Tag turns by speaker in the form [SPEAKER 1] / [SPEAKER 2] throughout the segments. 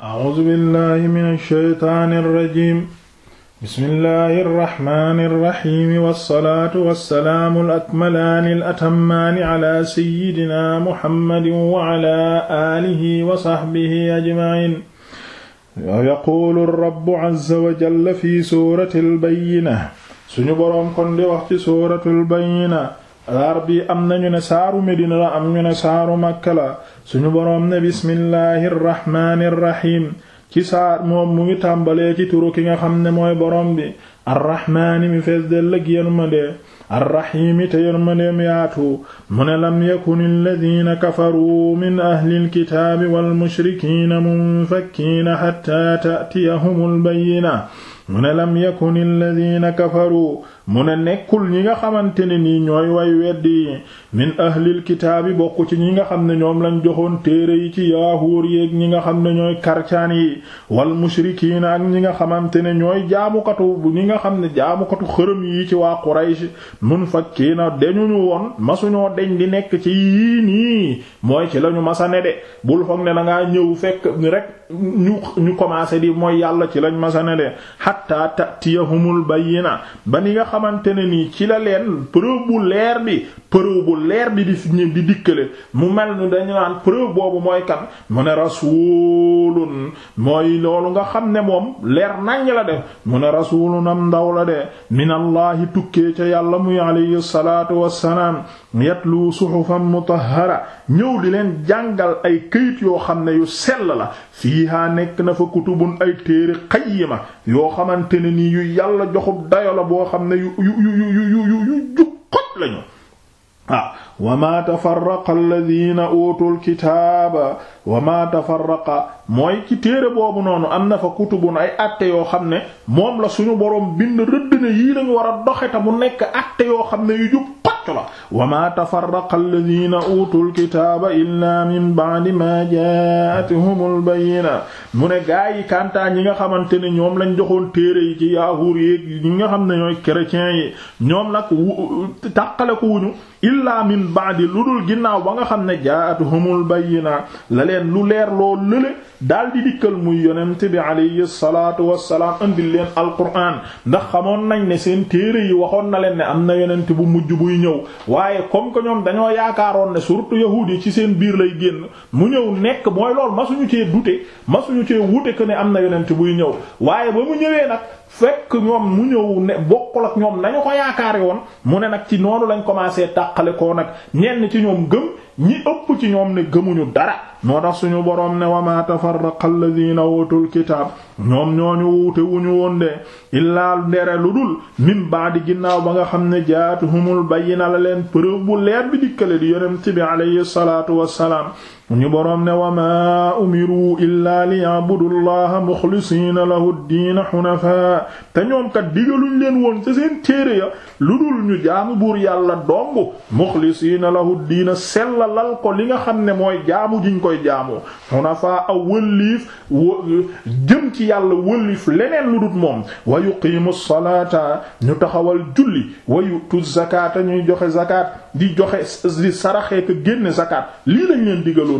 [SPEAKER 1] A'uuzu billaahi mina shaytaani rajiim bismillaahi rahmaani rahiim wassalaatu wassalaamu al-akmalaani al-atammaani alaa sayyidinaa Muhammadin wa alaa aalihi wa sahbihi ajma'iin. Yaquulu rabbu azza wa jalla fi suuratil bayyina suñu boroom kon di wax ci suuratul bayyina saar bi am nañu ne saaru Medina la am ñu ne saaru Makka la. suñu boroom ne bismillahi rrahmaani rrahiim ci saar moom mu ngi tàmbalee ci turu ki nga xam ne mooy boroom bi arrahmaani mi fees del ak yërmande arrahiimi te yërmandeem yaatu mu ne lam yakun alladina kafaru min ahli alkitaabi walmushrikiina munfakkiina xatta ta'tiyahum albayina mu ne lam yakun alladina kafaru mu ne nekkul ñi nga xamante ne nii ñooy way weddi min ahlil kitaabi bokk ci ñi nga xam ne ñoom lañ joxoon téere yi ci yaahuur yeeg ñi nga xam ne ñooy karcaan yi wal mushrikiina ak ñi nga xamante ne ñooy jaamukatu ñi nga xam ne jaamukatu xërëm yi ci waa Quraysh munfakkiina dañuñu woon masuñoo deñ di nekk ci yii nii mooy ci lañu masa ne de bul foog ne da ngaa ñëw fekk rek ñu ñu commencé di mooy yàlla ci lañ masa ne de hatta ta'tiyahumul bayyina xamante ne nii ci la leen preuve bu leer bi bu leer bi di di dikkale mu mel ni dañu naan preuve boobu mooy kan mu ne rasulun mooy loolu nga xam ne moom leer naññ la def mu ne rasulun am ndaw la de minallahi tukkee ca yàlla muy alayhi salaatu wassalaam yatlu suhufan mutahhara ñëw di leen jàngal ay këyit yoo xam ne yu sell la fiiha nekk na fa kutubun ay téere qayyima yoo xamante nii yu yàlla joxub dayo la boo xam ne yu yu yu yu yu yu jub xot lañu ah wa ma tafarraqa alladhina utul kitaaba wa ma tafarraqa mooy ci téere boobu noonu am na fa kutubun ay àtte yoo xam ne moom la suñu boroom bind rëdd ne yii lañu war a doxe mu nekk àtte yoo xam ne yu jub pacc la wa ma tafarraqa alladhina utul kitaaba illa min ba'di ma ja'atuhumul bayyina mu ne gaa yi kantaa ñi nga xamante ne ñoom la joxoon téere yi ci yahuur yi ñi nga xam ne ñooy chrétiens yi ñoom nag wu tàqale ko wuñu illa min ba'di lu dul ginnaaw ba nga xam ne ja'atuhumul bayyina la leen lu leer lool lële daal di dikkal muy yonent bi alayhi salaatu wassalaam andil leen alquraan ndax xamoon nañ ne seen téere yi waxoon na leen ne am na yonent bu mujj buy ñëw waaye comme que ñoom dañoo yaakaaroon ne surtout yahuud yi ci seen biir lay génn mu ñëw nekk mooy lool masuñu cee dute masuñu cee wute que ne am na yonent buy ñëw waaye ba mu ñëwee nag fekk ñoom mu ñëw ne bokkul ak ñoom nañu ko yaakaare woon mu ne nag ci noonu lañ commencé tàqale koo nag ñenn ci ñoom gëm ñi ëpp ci ñoom ne gëmuñu dara moo tax suñu boroom ne wama tafarraqa alladhina utul kitaab ñoom ñoo ñooñu wuute ñu woon de illaa ndere lu dul min di ginnaaw ba nga xam ne jaatuhumul bayyina la leen preuve bu leer bi dikkale di yonent bi alayhi salaatu wassalaam ñu boroom ne wamaa umiru illaa liya'budu allaha muxlisiina lahu ddiina xunafa te ñoom kat digaluñ leen woon ca seen téere ya lu dul ñu jaamu buur yàlla dong muxlisiina lahu ddiina sella lal ko li nga xam ne mooy jaamu jiñ koy jaamu xunafa aw wëlliif jëm ci yàlla wëlliif leneen lu dut moom wa yuqiimu salaata ñu taxawal julli wa yutu zakaata ñuy joxe zakaat di joxe di saraxee ko génne zakaat lii lañ leen digaloon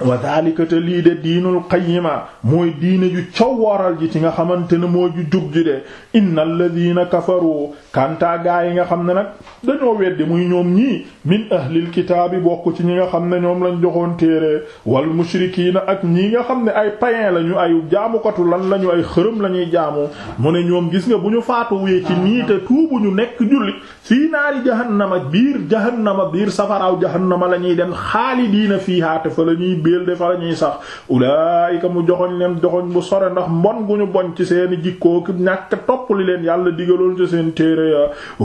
[SPEAKER 1] wa daalika te lii de diinul qayyima mooy diine ju cowwaral ji ci nga xamante ne moo ju jub ji de innal ladina kafaru kantaa gaa yi nga xam ne nag dañoo weddi muy ñoom ñii min ahlil kitaabi bokk ci ñi nga xam ne ñoom lañ joxoon téere wal mushrikiina ak ñii nga xam ne ay païens lañu ay jaamukatu lan lañu ay xërëm lañuy jaamu mu ne ñoom gis nga bu ñu faatuwee ci nii te tuubu ñu nekk jullit fii naari jahannama biir jahannama biir safaraaw jahannama lañuy dem xaalidiina fiihaa te fa lañuy biir de fa la ñuy sax ulaayika mu joxoñ leen joxoñ bu sore ndax mbon gu ñu boñ ci seeni jikkoo ki ñàkk topp li leen yàlla digaloon ci seen téere ya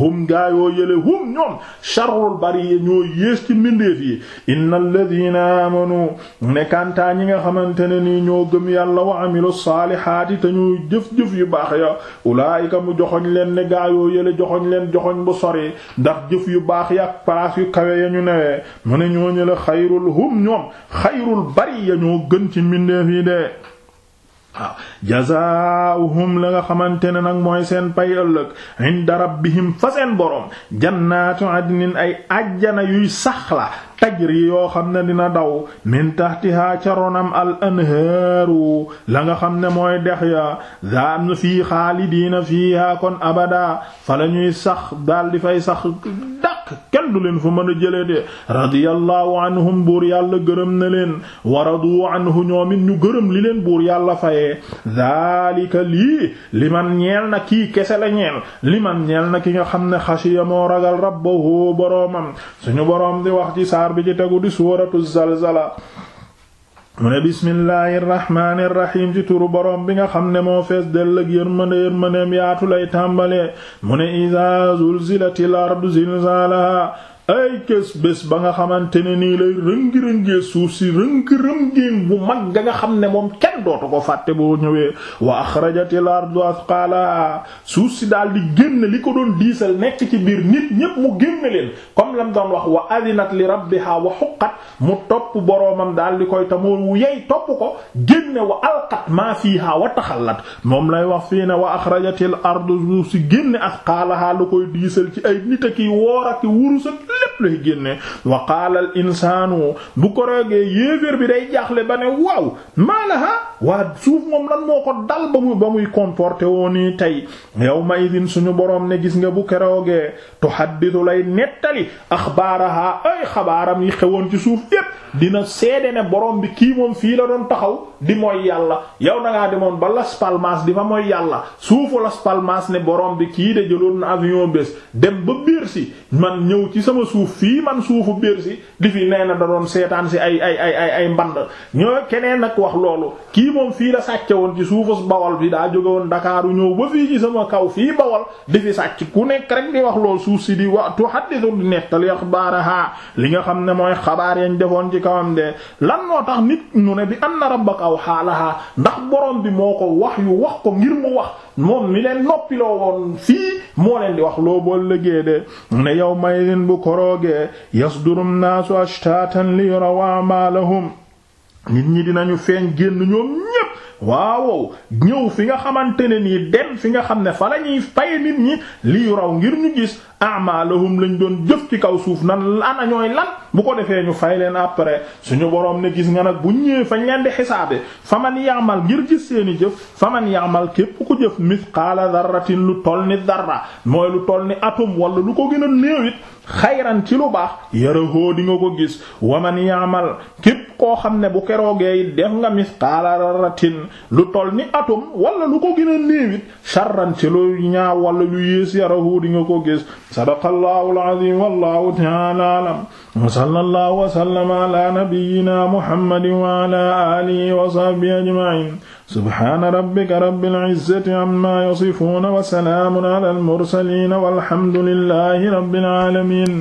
[SPEAKER 1] hum gaayoo yële hum ñoom sharrul bari ñoo yées ci mbindeef yi innal ladina amanu ne kantaa ñi nga xamante ne nii ñoo gëm yàlla wa amilu saalihaati te ñu jëf-jëf yu baax ya ulaayika mu joxoñ leen ne gaayoo yële joxoñ leen joxoñ bu sori ndax jëf yu baax ya ak place yu kawe ya ñu newee mu ne ñooñu la xayrul bariya ñoo gën ci mbindeef yi de waaw la nga xamante ne nag mooy seen pay ëllëg inda rabbihim fa seen boroom jannaatu adnin ay ajjana yuy saxla tajri yoo xam ne dina daw min tahtiha ca ronam al anhaaru la nga xam ne mooy dex ya daan fii xaalidiina fiiha kon abada fa la ñuy sax daal di fay sax ñàkk kenn du leen fu mën a jëlee de radiyallahu anhum buur yàlla gërëm na leen waradu anhu ñoom ñu gërëm li leen buur yàlla fayee daalika lii li man ñeel na kii kese la ñeel li man ñeel na ki nga xam ne xasiya moo ragal rabbahu boroomam suñu boroom di wax ci saar bi ci tegu di suuratu zalzala mu ne bismillaahi rahmaani rahiim ci turu boroom bi nga xam ne moo fees dell ak yërmande yërmandeem yaatu lay tàmbalee mu ne izaa zulzilatil ardu zilzaalahaa ay kës bés ba nga xamante ne nii lay suuf si rëngi-rëngeen bu ga nga xam ne moom kenn dootu ko fàtte boo ñëwee wa axrajatil ardu asqaalahaa suuf si daal di génn li ko doon diisal nekk ci biir nit ñépp mu génn leen comme lam doon wax wa adinat li rabbiha wa xuqat mu topp boroomam daal di koy tamoo yey topp ko génne wa alqat maa fiiha wa taxallat moom lay wax fii ne wa axrajatil ardu si génne asqaalaha lu koy diisal ci ay nit ak i woor ak i lépp lay génne wa qaala al insaanu bu ko roogee yéeféer bi day jaaxle ba ne waaw maalaha waa suuf moom lan moo ko dal ba muy ba muy comporté woo nii tey yawma idin suñu boroom ne gis nga bu keroogee tuhaddithu lay nettali axbaaraha ay xabaaram yi xewoon ci suuf yépp dina seede ne borom bi kii moom fii la doon taxaw di mooy yàlla yow dangaa demoon ba Las Palmas di fa mooy yàlla suufu Las ne borom bi kii de jëloon na avion bés dem ba biir si man ñëw ci sama suuf fii man suufu biir si di fi nee na da seetaan si ay ay ay ay ay mband ñoo keneen nag wax loolu kii moom fii la sàcce woon ci suufus bawol bi daa jóge woon Dakaaru ñëw ba fii ci sama kaw fii bawol di fi sàcc ku nekk rek di wax loolu suuf si di wa tuhaddisu di nettali axbaaraha li nga xam ne mooy xabaar yañ defoon ci kawam de lan moo tax nit ñu ne bi anna rabbaka aw xaalaha ndax borom bi moo ko wax yu wax ko ngir mu wax moom mi leen noppiloo woon fii moo leen di wax loo bool lëgee de ne yow may leen bu koroogee yasdurum naasu ashtatan li yuraw a'malahum nit ñi dinañu feeñ génn ñoom waaw ñëw fi nga xamante ne nii dem fi nga xam ne fa lañuy fay nit ñi lii raw ngir ñu gis amalahum lañ doon jëf ci kaw suuf nan ana ñooy lan bu ko defee ñu fay leen après suñu borom ne gis nga nag bu ñëwee fañ leen di xisaabe faman yaamal ngir gis seeni jëf faman yaamal képp ku jëf misqaala darratin lu toll ni darra mooy lu toll ni atom wala lu ko gën a néewit xayran ci lu baax yarahoo di nga ko gis waman yaamal képp koo xam ne bu keroogee def nga misqaala daratin lu toll ni atum wala lu ko gën a néewit sharran ci lu ñaaw wala lu yées yarahu di nga ko gis sadaqallahu alazim wallahu ta'ala alam wa sallallahu wa sallama ala nabiyyina muhammadin wa ala alihi wa sahbihi ajma'in subhana rabbika rabbil izzati amma yasifun wa salamun ala al mursalin walhamdulillahi rabbil alamin